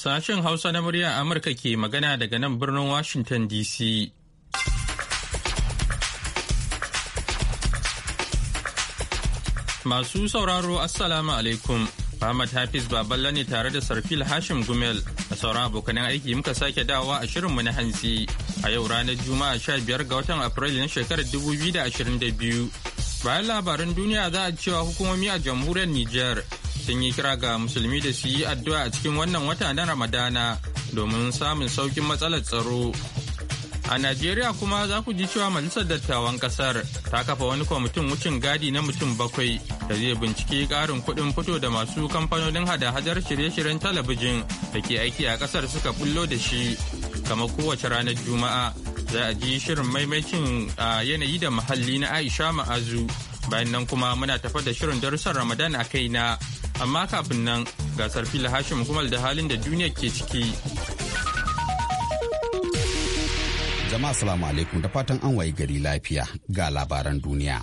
Sashen Hausa na murya Amurka ke magana daga nan birnin Washington DC. Masu sauraro Assalamu alaikum. Muhammad Hafiz Baballa ne tare da Sarfil Hashim Gumel a sauran abokanan aiki muka sake dawa a shirin mu na hantsi a yau ranar Juma'a 15 ga watan Afrilu na shekarar 2022. Bayan labarin duniya za a cewa hukumomi a jamhuriyar Nijar sun yi kira ga musulmi da su yi addu'a a cikin wannan wata na ramadana domin samun saukin matsalar tsaro a najeriya kuma za ku ji cewa majalisar dattawan kasar ta kafa wani kwamitin wucin gadi na mutum bakwai da zai bincike karin kuɗin fito da masu kamfanonin hada-hadar shirye-shiryen talabijin da ke aiki a kasar suka bullo da shi kamar kowace ranar juma'a za a ji shirin maimacin a yanayi da muhalli na aisha ma'azu bayan nan kuma muna tafa da shirin darussan ramadan a kaina amma kafin nan gasar fili hashim kumal da halin da duniya ke ciki jama'a salamu alaikum da fatan an wayi gari lafiya ga labaran duniya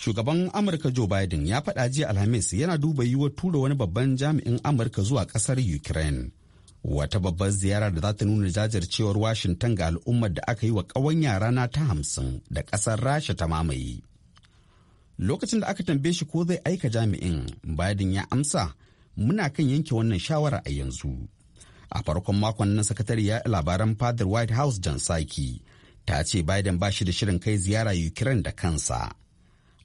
shugaban amurka joe biden ya faɗa jiya alhamis yana duba yiwuwar tura wani babban jami'in amurka zuwa ƙasar ukraine wata babbar ziyara da za ta nuna jajircewar washington ga al'ummar da aka yi wa ƙawanya rana ta hamsin da ƙasar rasha ta mamaye lokacin da aka tambaye shi ko zai aika jami'in biden ya amsa muna kan yanke wannan shawara a yanzu a farkon makon nan sakatariya labaran fadar white house john saki ta ce biden ba shi da shirin kai ziyara ukraine da kansa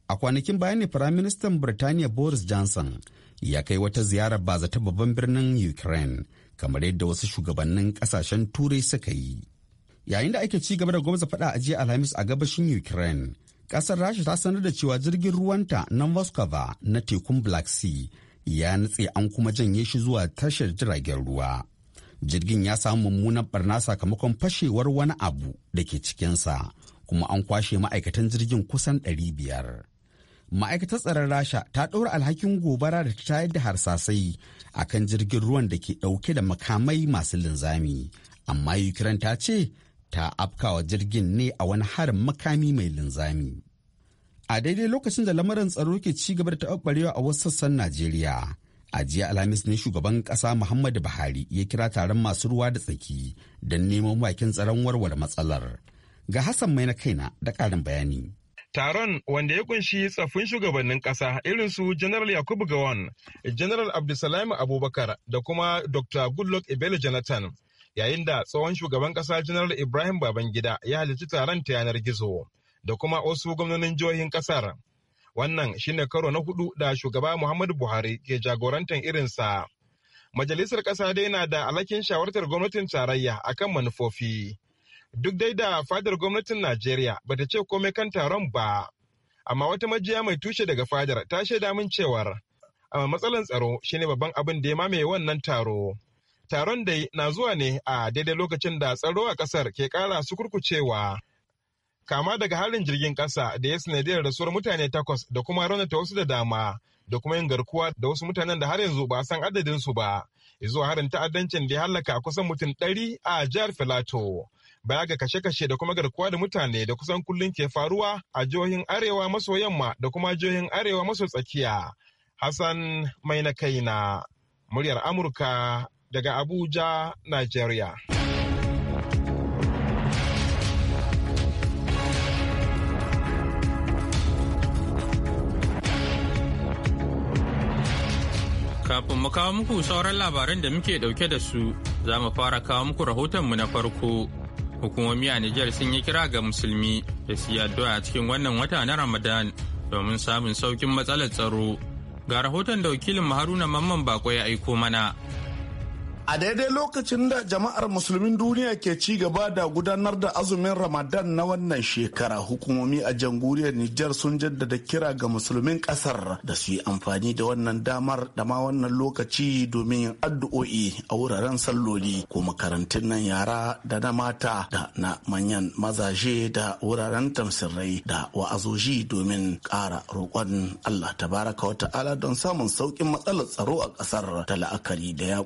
a kwanakin bayan ne firaministan birtaniya boris johnson ya kai wata ziyara ba zata babban birnin ukraine kamar yadda wasu shugabannin kasashen turai suka yi yayin da ake ci gaba da gwamnati faɗa a jiya alhamis a gabashin ukraine Kasar Rasha ta sanar da cewa jirgin ruwanta na Moskova na tekun Black Sea ya nutse an kuma janye shi zuwa tashar jiragen ruwa. Jirgin ya samu mummunan barna sakamakon fashewar wani abu da ke cikinsa kuma an kwashe ma'aikatan jirgin kusan 500. Ma'aikatar tsaron Rasha ta ɗora alhakin gobara da ta tayar da harsasai a kan jirgin ruwan da ke ɗauke da makamai masu linzami. Amma Ukraine ta ce ta afkawa jirgin ne a wani harin makami mai linzami. A daidai lokacin da lamarin tsaro ke ci gaba da taɓarɓarewa a wasu sassan Najeriya. A jiya Alhamis ne shugaban ƙasa Muhammadu Buhari ya kira taron masu ruwa da tsaki don neman bakin tsaron warware matsalar. Ga Hassan mai na kaina da ƙarin bayani. Taron wanda ya kunshi tsaffin shugabannin ƙasa irin su General Yakubu Gawon, General Abdulsalam Abubakar da kuma Dr. Goodluck Ebele Jonathan yayin da tsohon shugaban kasa janar Ibrahim Babangida ya halarci taron ta yanar gizo da kuma wasu gwamnonin jihohin kasar. Wannan shine karo na hudu da shugaba Muhammadu Buhari ke jagorantar irinsa. Majalisar ƙasa dai na da alhakin shawartar gwamnatin tarayya akan manufofi. Duk dai da fadar gwamnatin Najeriya bata ce komai kan taron ba. Amma wata majiya mai tushe daga fadar ta shaida min cewar amma matsalan tsaro shine babban abin da ya mamaye wannan taro. Taron dai na zuwa ne a daidai lokacin da tsaro a kasar ke kara su kurkucewa. Kama daga halin jirgin ƙasa da ya sanadiyar rasuwar mutane takwas da kuma raunata wasu da dama da kuma yin garkuwa da wasu mutanen da har yanzu ba san adadin su ba. Zuwa harin ta'addancin da ya halaka kusan mutum ɗari a jihar Filato. baya ga kashe-kashe da kuma garkuwa da mutane da kusan kullum ke faruwa a jihohin arewa maso yamma da kuma jihohin arewa maso tsakiya. Hassan mai na kaina, muryar Amurka daga Abuja, Nigeria. Kafin mu kawo muku sauran labaran da muke dauke da su, za mu fara kawo muku rahotonmu na farko. Hukumomi a Nijar sun yi kira ga musulmi da su yi addu'a cikin wannan wata na Ramadan domin samun saukin matsalar tsaro. Ga rahoton da wakilin Haruna Mamman Bako ya aiko mana. a daidai lokacin da jama'ar musulmin duniya ke ci gaba da gudanar da azumin ramadan na wannan shekara hukumomi a jamhuriyar nijar sun jaddada kira ga musulmin kasar da su yi amfani da wannan damar da ma wannan lokaci domin yin addu'o'i a wuraren salloli ko makarantun nan yara da na mata da na manyan mazaje da wuraren tamsirrai da wa'azoji domin ƙara roƙon allah tabaraka wa ta'ala don samun sauƙin matsalar tsaro a ƙasar ta la'akari da ya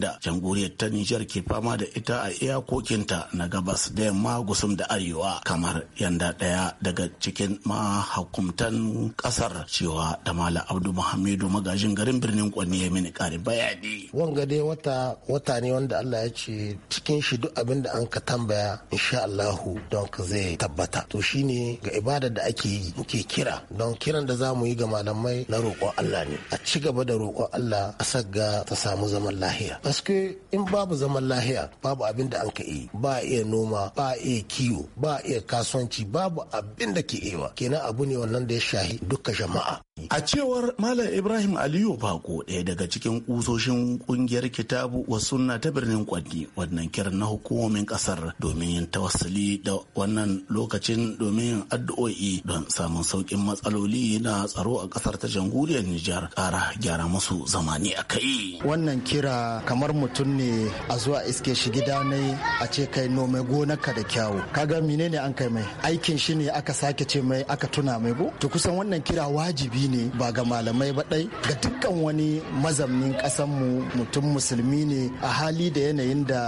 da jamhuriyar ta Nijar ke fama da ita a iyakokinta na gabas da yamma gusum da arewa kamar yanda ɗaya daga cikin mahakumtan ƙasar cewa da Mala Abdu Muhammadu magajin garin birnin Kwanni ya mini ƙari bayani. Wanga dai wata wata ne wanda Allah ya ce cikin shi duk abin da an ka tambaya insha Allahu don ka zai tabbata. To shine ga ibada da ake yi muke kira don kiran da za mu yi ga malamai na roƙon Allah ne. A ci gaba da roƙon Allah a sagga ta samu zaman lahiya. Paske in babu zaman lahiya babu abin da an ka yi ba iya noma ba iya kiwo ba iya kasuwanci babu abin da ke ewa kenan abu ne wannan da ya shahi duka jama'a A cewar Malam Ibrahim Aliyu Bako ɗaya daga cikin kusoshin ƙungiyar kitabu wa sunna ta birnin Kwanni wannan kiran na hukumomin ƙasar, domin yin tawassuli da wannan lokacin domin yin addu'o'i don samun sauƙin matsaloli na tsaro a kasar ta jamhuriyar Nijar ƙara gyara musu zamani a kai. Wannan kira kamar mutum ne a zuwa iske shi gida ne a ce kai nome gonarka da kyawu. Kaga menene an kai mai aikin shi ne aka sake ce mai aka tuna mai go? To kusan wannan kira wajibi ne ba ga malamai ba ɗai ga dukkan wani mazamnin mu mutum musulmi ne a hali da yanayin da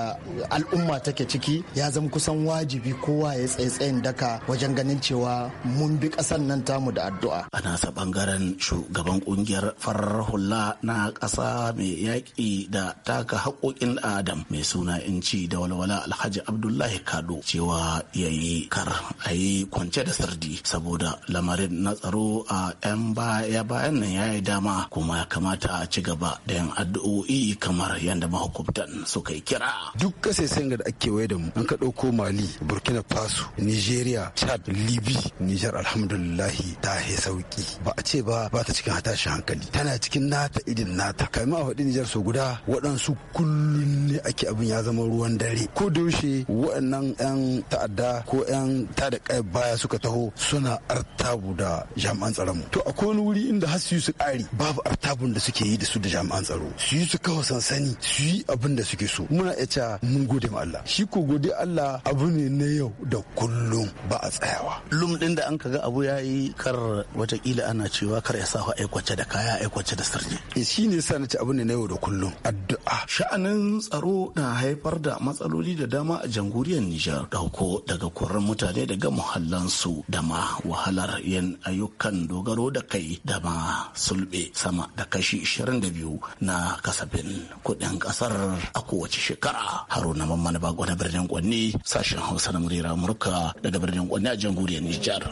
al'umma take ciki ya zama kusan wajibi kowa ya tsaye-tsayin daka wajen ganin cewa mun bi ƙasan nan tamu da addu'a. ana nasa ɓangaren shugaban ƙungiyar farar hula na ƙasa mai yaƙi da taka haƙoƙin adam mai suna inci da walwala alhaji abdullahi kado cewa yayi kar a yi kwance da sardi saboda lamarin na tsaro a 'yan ba ya bayan nan ya yi dama kuma ya kamata a ci gaba da yin addu'o'i kamar yadda mahukuntan suka yi kira. Duk kasashen da ake waye da mu an ka ɗauko Mali, Burkina Faso, Nigeria, Chad, Libi, Niger alhamdulillahi ta he sauki. Ba a ce ba ba ta cikin hatashin hankali. Tana cikin nata idin nata. ma a faɗi nijar so guda waɗansu kullum ne ake abin ya zama ruwan dare. Ko da yaushe waɗannan 'yan ta'adda ko 'yan tada kai baya suka taho suna artabu da jami'an tsaron mu. To akwai wuri inda har su yi su ƙari babu artabun da suke yi da su da jami'an tsaro su yi su kawo sansani su yi abin da suke so muna iya cewa mun gode ma Allah shi ko gode Allah abu ne na yau da kullum ba a tsayawa lum din da an ga abu yayi kar watakila ana cewa kar ya safa aikwace da kaya aikwace da sirri e, shi ne sa na ci abu ne na yau da kullum addu'a sha'anin tsaro na haifar da matsaloli da dama a jamhuriyar Nijar dauko daga kurar mutane daga muhallansu da ma wahalar yan ayyukan dogaro da kai kai da ma sulbe sama da kashi 22 na kasafin kuɗin ƙasar a kowace shekara haruna mamman bago na birnin kwanni sashen hausa na murera murka daga birnin kwanni a jamhuriyar nijar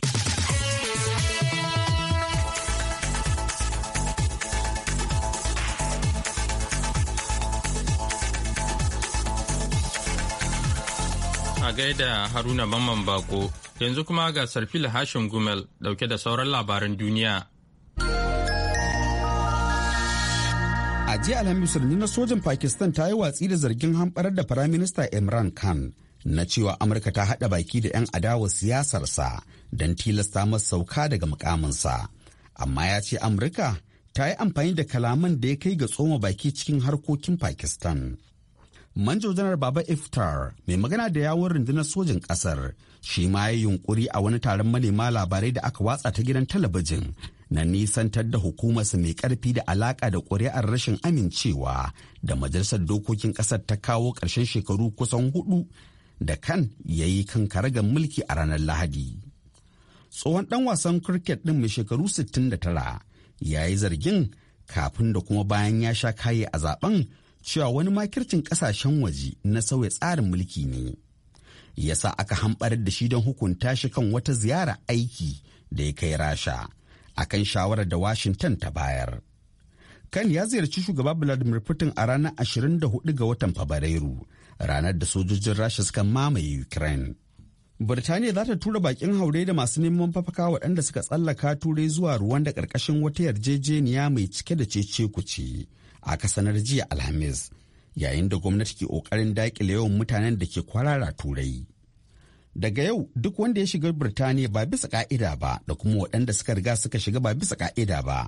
a gaida haruna mamman bako yanzu kuma ga sarfila hashin gumel dauke da sauran labaran duniya jiya alhamis na sojan pakistan ta yi watsi da zargin hamɓarar da firaminista imran khan na cewa amurka ta haɗa baki da 'yan adawa siyasarsa don tilasta masa sauka daga mukaminsa amma ya ce amurka ta yi amfani da kalaman da ya kai ga tsoma baki cikin harkokin pakistan manjo baba iftar mai magana da yawon rundunar sojin kasar shi ma ya yunkuri a wani taron manema labarai da aka watsa ta gidan talabijin na nisantar da hukumarsa mai karfi da alaka da ƙuri'ar rashin amincewa da majalisar dokokin ƙasar ta kawo ƙarshen shekaru kusan hudu da kan ya yi kan karagar mulki a ranar lahadi tsohon ɗan wasan kirket ɗin mai shekaru 69 ya yi zargin kafin da kuma bayan ya sha kaye a zaben cewa wani makircin ƙasashen waje na sauya tsarin mulki ne yasa aka hamɓarar da shi don hukunta shi kan wata ziyara aiki da ya kai rasha a kan shawarar da Washington ta bayar. Kan ya ziyarci shugaba Vladimir Putin a ranar 24 ga watan Fabrairu, ranar da sojojin Rasha suka mamaye Ukraine. Birtaniya za ta tura bakin haure da masu neman fafaka waɗanda suka tsallaka turai zuwa ruwan da ƙarƙashin wata yarjejeniya mai cike da cece kuce a kasanar jiya Alhamis, yayin da gwamnati ke ƙoƙarin daƙile yawan mutanen da ke kwarara turai. daga yau duk wanda ya shiga birtaniya ba bisa ka'ida ba da kuma waɗanda suka riga suka shiga ba bisa ka'ida ba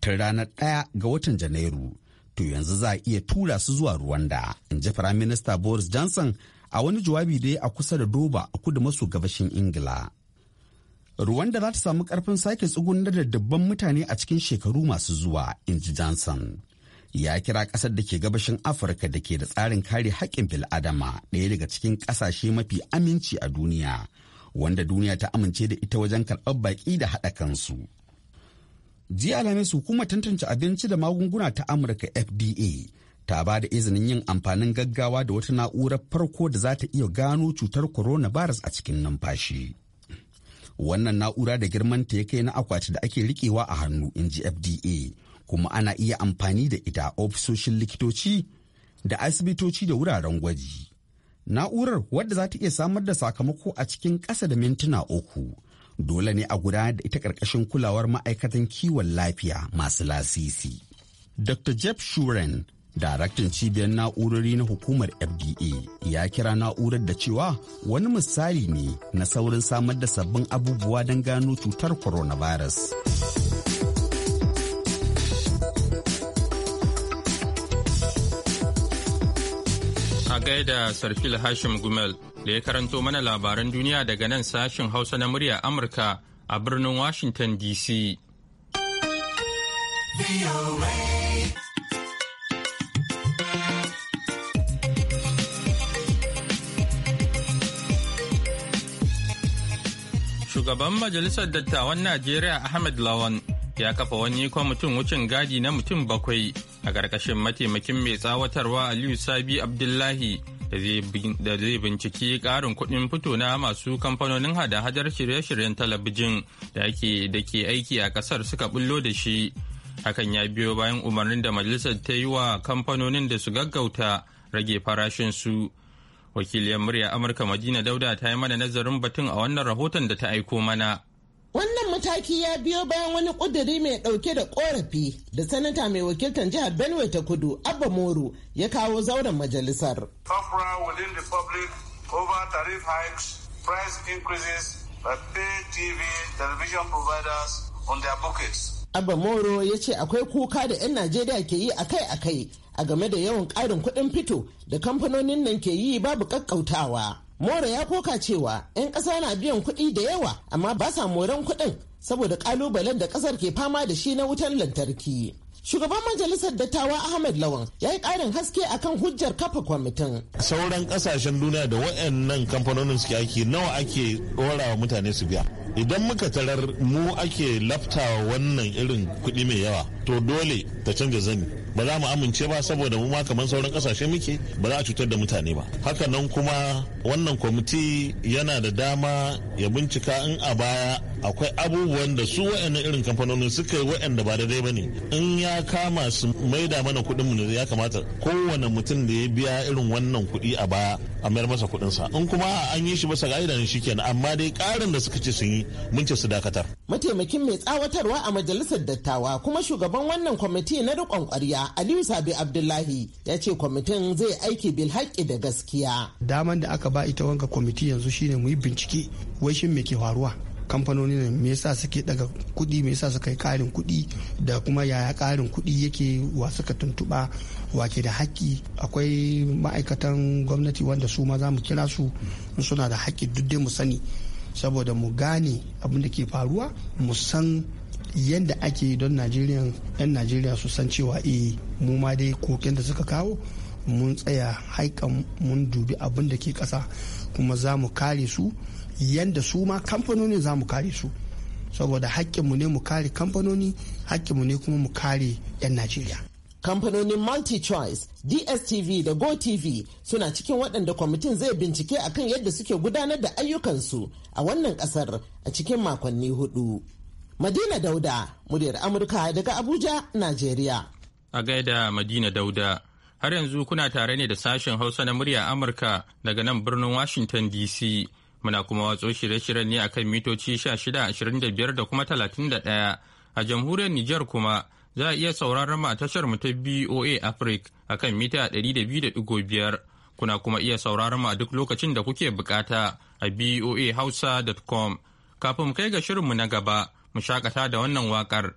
tun ranar ɗaya ga watan janairu to yanzu za a iya tura su zuwa ruwanda in ji firaminista boris johnson a wani jawabi da a kusa da doba a kudu maso gabashin ingila ruwanda za ta samu karfin sake tsugunar da dabban mutane a cikin shekaru masu zuwa in ji johnson ya kira ƙasar da ke gabashin afirka da ke da tsarin kare haƙƙin bil'adama ɗaya daga cikin ƙasashe mafi aminci a duniya wanda duniya ta amince da ita wajen karɓar baƙi da haɗa kansu jiya alhamis hukumar tantance abinci da magunguna ta amurka fda ta ba da izinin yin amfanin gaggawa da wata na'urar farko da za ta iya gano cutar coronavirus a cikin numfashi wannan na'ura da girmanta ya kai na akwati da ake rikewa a hannu in ji fda kuma ana iya amfani da ita a ofisoshin likitoci da asibitoci da wuraren gwaji. Na'urar wadda za ta iya samar da sakamako a cikin ƙasa da mintuna uku. Dole ne a gudanar da ita ƙarƙashin kulawar ma'aikatan kiwon lafiya masu lasisi. Dr. Jeff Shuren, daraktan cibiyar na'urori na hukumar FDA, ya kira na'urar da cewa wani misali ne na saurin samar da sabbin abubuwa don gano cutar coronavirus. gaida Sarfil Hashim Gumel da ya karanto mana labaran duniya daga nan sashin Hausa na murya Amurka a birnin Washington DC. Shugaban Majalisar Dattawan Najeriya Ahmed Lawan ya kafa wani kwamitin wucin gadi na mutum bakwai a ƙarƙashin mataimakin mai tsawatarwa Aliyu Sabi Abdullahi da zai binciki ƙarin kuɗin fito na masu kamfanonin hada-hadar shirye-shiryen talabijin da ke aiki a ƙasar suka bullo da shi. Hakan ya biyo bayan umarnin da majalisar ta yi wa kamfanonin da su gaggauta rage farashin su. Wakiliyar murya Amurka Madina Dauda ta yi mana nazarin batun a wannan rahoton da ta aiko mana. Wannan mataki ya biyo bayan wani ƙuduri mai ɗauke da ƙorafi da sanata mai wakiltar jihar Benue ta kudu Abba Moro ya kawo zauren majalisar. over tariff hikes, price increases by TV television providers their Abba Moro ya ce akwai kuka da 'yan Najeriya ke yi akai-akai a game da yawan ƙarin kuɗin fito da kamfanonin nan ke yi babu ƙaƙƙautawa. More ya koka cewa 'yan ƙasa na biyan kuɗi da yawa amma ba sa moran kuɗin saboda ƙalubalen da ƙasar ke fama da shi na wutar lantarki. Shugaban majalisar dattawa Ahmed Lawan ya yi karin haske akan hujjar kafa kwamitin. Sauran ƙasashen duniya da waɗannan kamfanonin suke aiki nawa ake ɗorawa mutane su biya. Idan muka tarar mu ake lafta wannan irin kuɗi mai yawa to dole ta canza zani. ba za mu amince ba saboda mu ma kamar sauran kasashe muke ba za a cutar da mutane ba haka nan kuma wannan kwamiti yana da dama ya bincika in a baya akwai abubuwan da su wa'annan irin kamfanonin suka yi wa'anda ba dai ba ne in ya kama su maida mana kuɗin mu ya kamata kowane mutum da ya biya irin wannan kudi a baya a mayar masa kudin sa in kuma an yi shi bisa ga'ida ne shikenan amma dai karin da suka ce sun yi mun ce su dakatar mataimakin mai tsawatarwa a majalisar dattawa kuma shugaban wannan kwamiti na rikon kwarya Aliyu Sabi Abdullahi ya ce kwamitin zai aiki bil haƙƙi da gaskiya daman da aka ba ita wanka kwamiti yanzu shine mu bincike wai shin me ke faruwa kamfanoni ne me yasa suke daga kudi me yasa suka yi karin kuɗi da kuma yaya karin kudi yake wa suka tuntuɓa wake da haƙƙi akwai ma'aikatan gwamnati wanda su ma za mu kira su suna da haƙƙi duk dai mu sani saboda mu gane abin da ke faruwa mu san yadda ake don najeriya yan najeriya su san cewa eh mu ma dai koken da suka kawo mun tsaya haikan mun dubi abin da ke ƙasa kuma za mu kare su yanda su ma kamfanoni za mu kare su saboda hakkinmu ne mu kare kamfanoni hakkinmu ne kuma mu kare 'yan najeriya kamfanonin multi-choice dstv da gotv suna cikin waɗanda kwamitin zai bincike akan yadda suke gudanar da ayyukansu a wannan ƙasar a cikin makonni hudu madina dauda muryar amurka daga abuja Najeriya. a gaida madina dauda har yanzu kuna tare ne da sashen hausa na murya amurka daga nan birnin washington dc Muna kuma watso shirye-shiryen ne akan mitoci 1625 da kuma 31 a jamhuriyar Nijar kuma za a iya sauraron mu a tashar mu ta BOA Africa akan mita 200.5 kuna kuma iya sauraron mu a duk lokacin da kuke bukata a boahausa.com kafin mu kai ga shirinmu na gaba mu shakata da wannan wakar.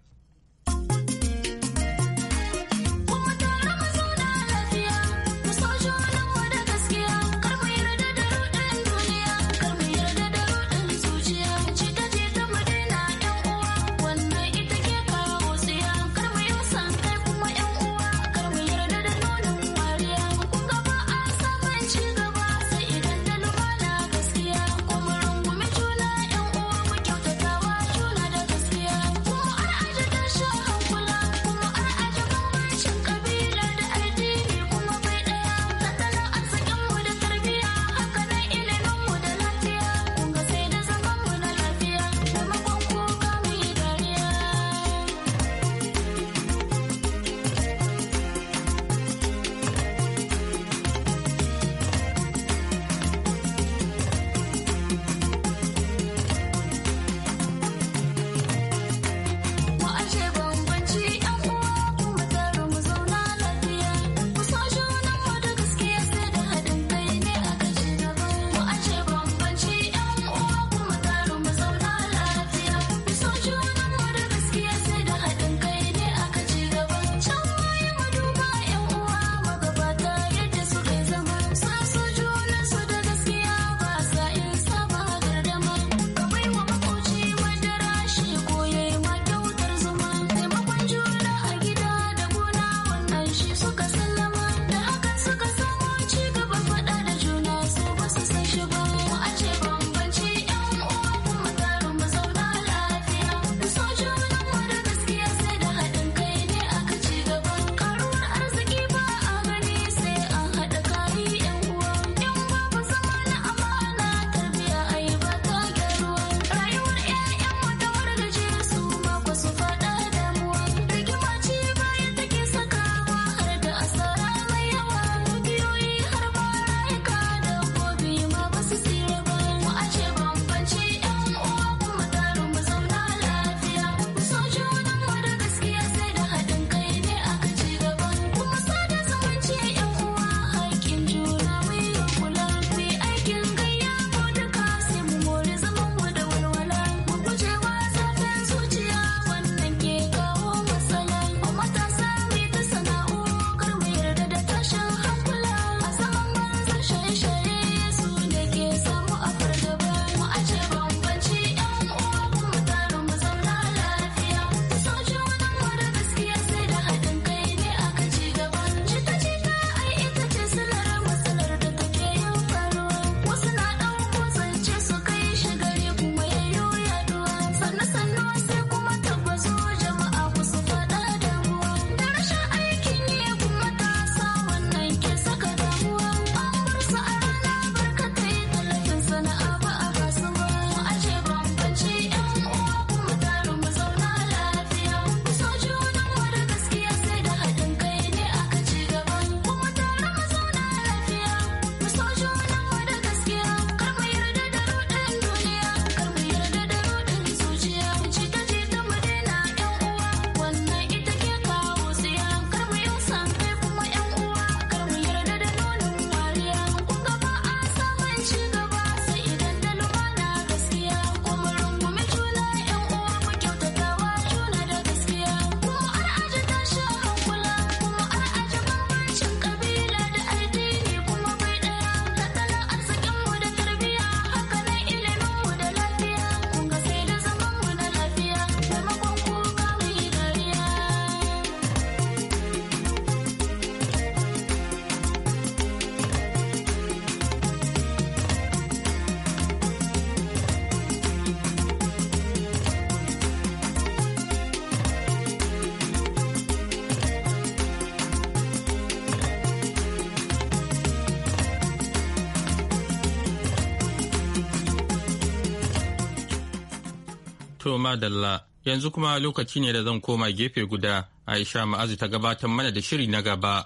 To madalla yanzu kuma lokaci ne da zan koma gefe guda Aisha Ma'azu ta gabatar mana da shiri na gaba.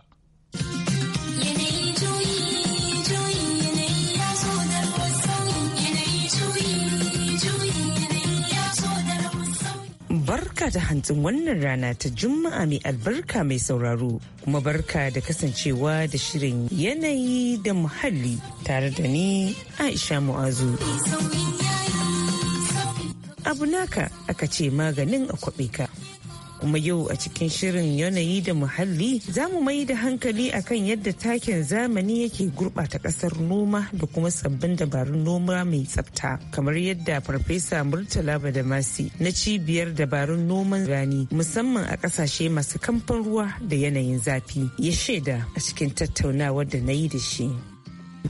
barka da hantsin wannan rana ta juma'a mai albarka mai sauraro kuma barka da kasancewa da shirin yanayi da muhalli tare da ni aisha mu'azu. abu naka aka ce maganin a kwaɓe ka. kuma yau a cikin shirin yanayi da muhalli za mu mai da hankali akan yadda takin zamani yake gurɓata ƙasar noma da kuma sabbin dabarun noma mai tsafta kamar yadda farfesa murtala badamasi na cibiyar dabarun noman rani musamman a ƙasashe masu kamfan ruwa da yanayin zafi ya shaida a cikin tattaunawar da na yi da shi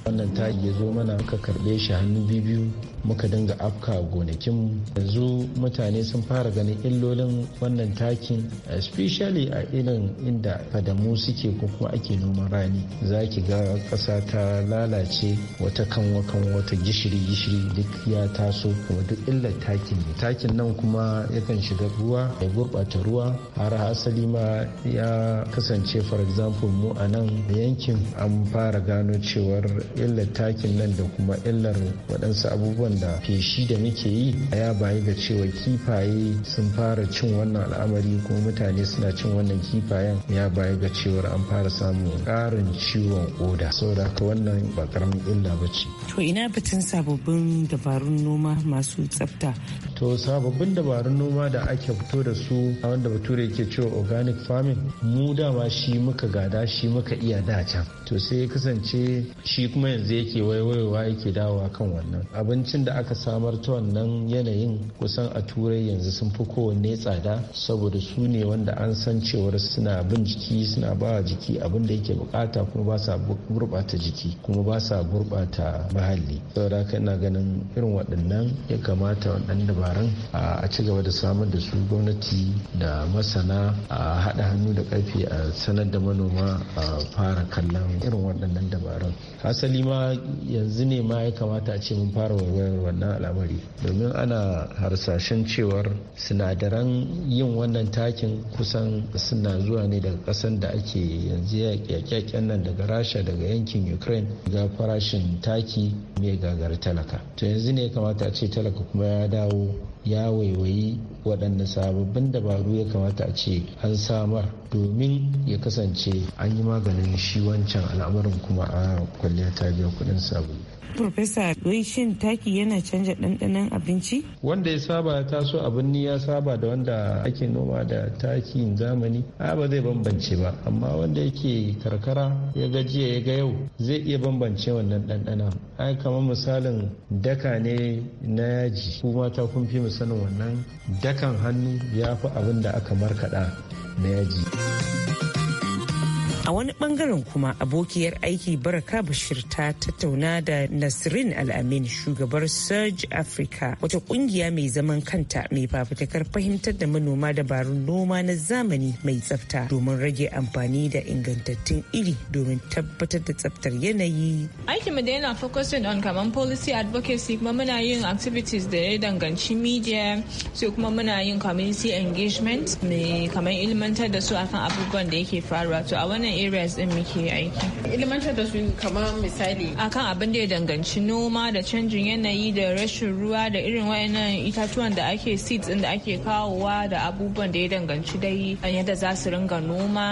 wannan ta ya zo mana muka karɓe shi hannu biyu muka dinga afka gonakin yanzu mutane sun fara ganin illolin wannan takin especially a irin inda fadamu suke ko kuma ake noman rani za ki ga ƙasa ta lalace wata kanwa kanwa wata gishiri gishiri duk ya taso kuma duk illar takin ne takin nan kuma yakan shiga ruwa ya gurɓata ruwa har asali ma ya kasance for example mu a nan yankin an fara gano cewar illar takin nan da kuma illar waɗansu abubuwan da feshi da muke yi a ya bayi ga cewa kifaye sun fara cin wannan al'amari kuma mutane suna cin wannan kifayen ya bayi ga cewar an fara samun karin ciwon koda saboda haka wannan ba karamin illa ba ce. To ina batun sababbin dabarun noma masu tsafta. To sababbin dabarun noma da ake fito da su a wanda bature yake cewa organic farming mu dama shi muka gada shi muka iya da can. To sai ya kasance shi kuma yanzu yake waiwayowa yake dawowa kan wannan abincin da aka samar ta wannan yanayin kusan a turai yanzu sun fi kowanne tsada saboda su ne wanda an san cewar suna bin jiki suna ba jiki abin da yake bukata kuma ba sa gurbata jiki kuma ba sa gurbata muhalli saboda haka ina ganin irin waɗannan ya kamata waɗannan dabaran a ci gaba da samar da su gwamnati da masana a haɗa hannu da ƙarfi a sanar da manoma a fara kallon irin waɗannan dabarun hasali ma yanzu ne ma ya kamata a ce mun fara waiwayar wannan wannan al'amari domin ana harsashen cewar sinadaran yin wannan takin kusan suna zuwa ne daga kasan da ake yanzu yaƙyaƙen nan daga rasha daga yankin ukraine ga farashin taki mai gagar talaka to yanzu ne kamata a ce talaka kuma ya dawo ya waiwayi waɗanne sababbin dabaru ya kamata a ce an samar domin ya kasance an yi maganin shi wancan al'amarin kuma a kwalliya ta biya kuɗin sabulu Profesa wai shin taki yana canja ɗanɗanon abinci? Wanda ya saba ya taso abin ni ya saba da wanda ake noma da takin zamani a ba zai bambance ba amma wanda yake karkara ya ga jiya ya ga yau zai iya bambance wannan ɗanɗanon. Ai kamar misalin daka ne na yaji kuma ta kun fi mu sanin wannan dakan hannu ya fi abin da aka markaɗa na yaji. a wani bangaren kuma abokiyar aiki baraka bashir ta tattauna da nasrin al'amin shugabar surge africa wata kungiya mai zaman kanta mai fafutukar fahimtar da manoma dabarun noma na zamani mai tsafta domin rage amfani da ingantattun iri domin tabbatar da tsaftar yanayi aikinmu da yana focusing on kaman policy advocacy kuma muna yin activities da ya danganci media sai kuma muna yin community engagement mai kaman ilmantar da su akan abubuwan da yake faruwa to a wannan areas din muke aiki ilimantar da su kamar misali akan abin da ya danganci noma da canjin yanayi da rashin ruwa da irin wayannan itatuwan da ake seeds din da ake kawowa da abubuwan da ya danganci dai yadda za su ringa noma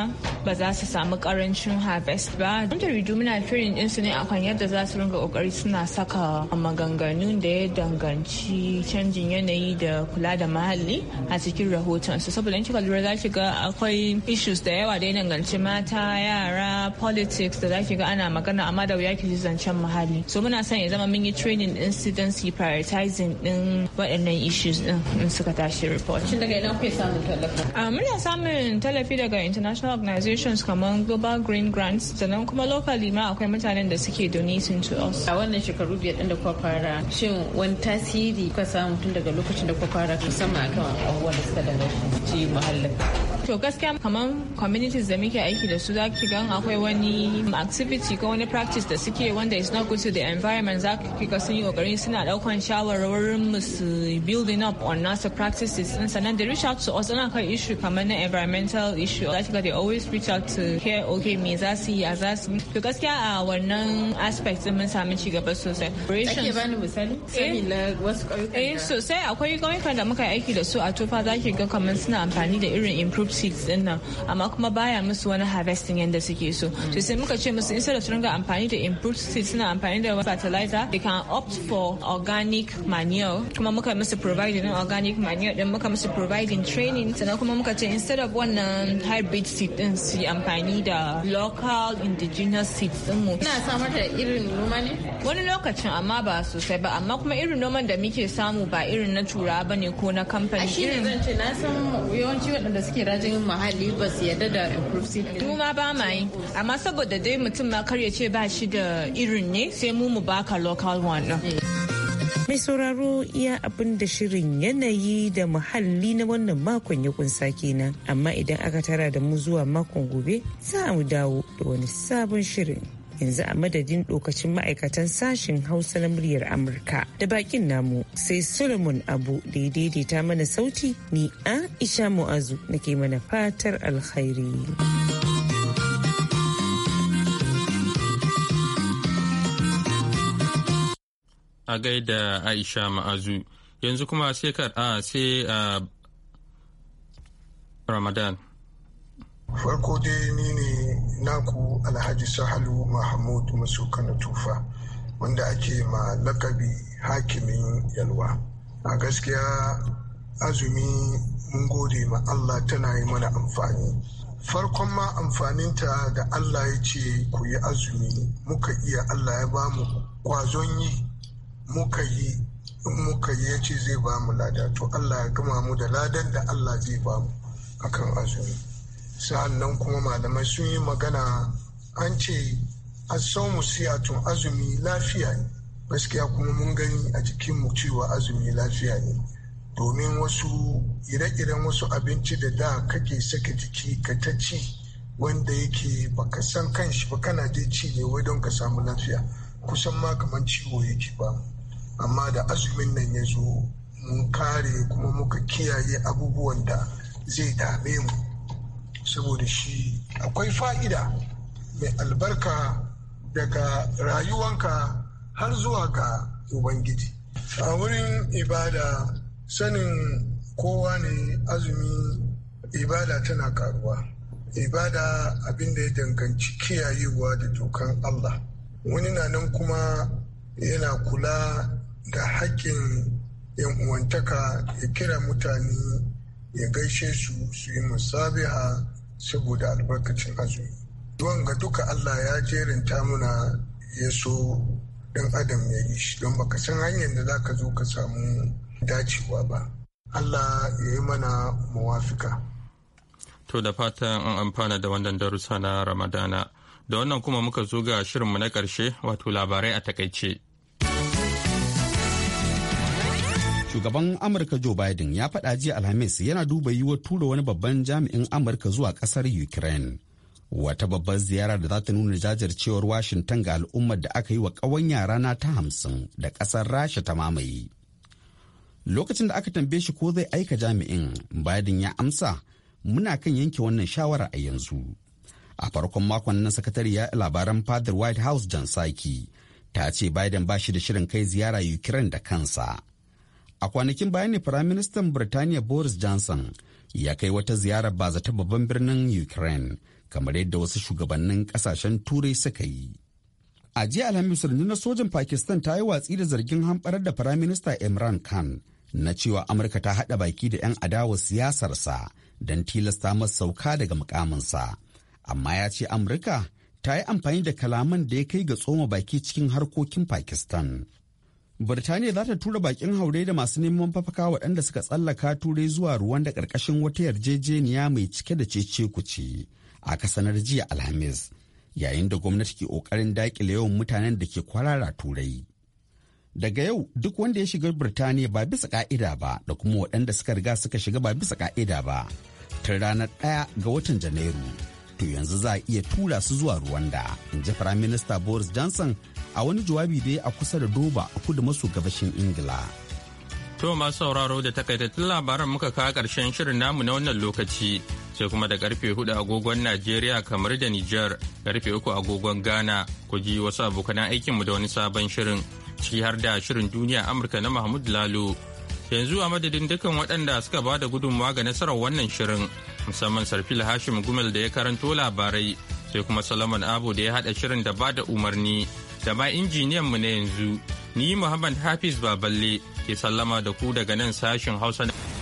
ba za su samu karancin harvest ba don da ridu muna firin din su ne akan yadda za su ringa kokari suna saka maganganun da ya danganci canjin yanayi da kula da muhalli a cikin rahoton su saboda in kika lura za ki ga akwai issues da yawa da ya danganci mata yara politics da zaki ga ana magana amma da wuya ki zancen muhalli so muna son ya zama mun yi training din students ki prioritizing din waɗannan issues din in suka tashi report shin daga ina kuke samun tallafi ah, muna samun tallafi daga international organizations kamar global green grants sannan kuma locally ma akwai mutanen da suke donating to us a wannan shekaru biyar din da kuka fara shin wani tasiri kuka samu tun daga lokacin da kuka fara musamman akan abubuwan da suka danganci muhallin To gaskiya kamar communities da muke aiki da su za ki gan akwai wani activity ko wani practice da suke wanda is not good to the environment za ki sun yi kokari suna daukan shawarwarin musu building up on nasu practices din sannan they reach out to us ana issue kamar na environmental issue za ki ga they always reach out to care okay me za su yi a za su to gaskiya a wannan aspect din mun samu ci gaba sosai. Ake bani misali Eh, eh sosai akwai ƙauyukan da muka aiki da su a tofa za ki ga kamar suna amfani da irin improved seeds din nan amma kuma baya musu wani harvesting yadda suke so to sai muka ce musu instead of su ringa amfani da improved seeds suna amfani da fertilizer they can opt for organic manure kuma muka musu providing organic manure din muka musu providing training sannan kuma muka ce instead of wannan hybrid seed din su amfani da local indigenous seeds din mu Ina samar da irin noma ne wani lokacin amma ba sosai ba amma kuma irin noman da muke samu ba irin na tura ba ne ko na kamfani irin zan ce na san yawanci waɗanda suke rajin sojojin muhalli ba su yadda da mu ma ba ma yi amma saboda dai mutum ma kar ya ce ba shi da irin ne sai mu mu baka local one mai sauraro iya abin da shirin yanayi da muhalli na wannan makon ya kunsa kenan amma idan aka tara da mu zuwa makon gobe za mu dawo da wani sabon shirin yanzu a madadin lokacin ma'aikatan sashen hausa na muryar amurka da bakin namu sai solomon abu da ya daidaita mana sauti ni aisha mu'azu nake mana fatar alkhairi a gaida aisha ma'azu yanzu kuma sai ka a sai a ramadan farko dai ni ne naku alhaji sahalu mahmud masukana tufa wanda ake ma lakabi hakimin yalwa a gaskiya azumi mun gode ma allah tana yi mana amfani farkon ma amfaninta da allah ya ce ku yi azumi muka iya allah ya bamu kwazon yi muka yi muka yi ya ce zai bamu lada to allah ya gama mu da ladan da allah zai bamu akan azumi sa'annan kuma malamai sun yi magana an ce siya tun azumi lafiya ne gaskiya kuma mun gani a jikinmu cewa azumi lafiya ne domin wasu ire-iren wasu abinci da da kake saka jiki ka ta ci wanda yake baka san kan shi ba kana je ci ne wai don ka samu lafiya kusan ma kamar ciwo yake ba amma da azumin nan ya zo mun kare kuma muka kiyaye abubuwan da zai dame mu saboda shi akwai fa'ida mai albarka daga rayuwanka har zuwa ga ubangiji a wurin ibada sanin kowa ne azumi ibada tana karuwa ibada abin da ya danganci kiyayewa da dokan allah wani na nan kuma yana kula da haƙƙin yan uwantaka ya kira mutane ya gaishe su su yi musabiha saboda albarkacin azumi duwan ga duka Allah ya jerinta muna ya so ɗan adam ya yi shi don baka san hanyar da za ka zo ka samu dacewa ba Allah ya yi mana muwafika to da fatan an amfana da wannan darussa na ramadana da wannan kuma muka zo ga shirinmu na ƙarshe wato labarai a takaice. Shugaban Amurka Joe Biden ya faɗa jiya Alhamis yana duba yiwuwar tura wani babban jami'in Amurka zuwa ƙasar Ukraine. Wata babbar ziyara da za ta nuna jajircewar Washington ga al'ummar da aka yi wa ƙawanya rana ta hamsin da ƙasar Rasha ta mamaye. Lokacin da aka tambaye shi ko zai aika jami'in, Biden ya amsa, muna kan yanke wannan shawara a yanzu. A farkon makon nan ya labaran fadar White House Jan Saki ta ce Biden ba shi da shirin kai ziyara Ukraine da kansa. A kwanakin baya ne Firaministan Birtaniya Boris Johnson ya kai wata ziyara ba zata babban birnin Ukraine kamar yadda wasu shugabannin kasashen Turai suka yi. A jiya Alhamis rundunar sojan Pakistan ta yi watsi da zargin hamɓarar da Firaminista Imran Khan na cewa Amurka ta haɗa baki da 'yan adawa siyasarsa don tilasta masa sauka daga mukaminsa. Amma ya ce Amurka ta yi amfani da kalaman da ya kai ga tsoma baki cikin harkokin Pakistan. Birtaniya za ta tura bakin haure da masu neman fafaka waɗanda suka tsallaka turai zuwa ruwan da ƙarƙashin wata yarjejeniya mai cike da cece kuce a kasanar jiya Alhamis, yayin da gwamnati ke ƙoƙarin daƙile yawan mutanen da ke kwarara turai. Daga yau duk wanda ya shiga Birtaniya ba bisa ƙa'ida ba da kuma waɗanda suka riga suka shiga ba bisa ƙa'ida ba tun ranar ɗaya ga watan Janairu. To yanzu za a iya tura su zuwa da. in ji Firaminista Boris Johnson a wani jawabi da a kusa da doba a kudu maso gabashin ingila to masu sauraro da takaitattun labaran muka kawo karshen shirin namu na wannan lokaci sai kuma da karfe hudu agogon najeriya kamar da niger karfe uku agogon ghana ku ji wasu abokan aikinmu da wani sabon shirin ciki har da shirin duniya amurka na mahmud lalo yanzu a madadin dukkan waɗanda suka ba da gudunmawa ga nasarar wannan shirin musamman sarfil hashim gumel da ya karanto labarai sai kuma salaman abu da ya haɗa shirin da ba da umarni da ma injiniyan mu na yanzu ni Muhammad Hafiz Baballe ke sallama da ku daga nan sashin Hausa.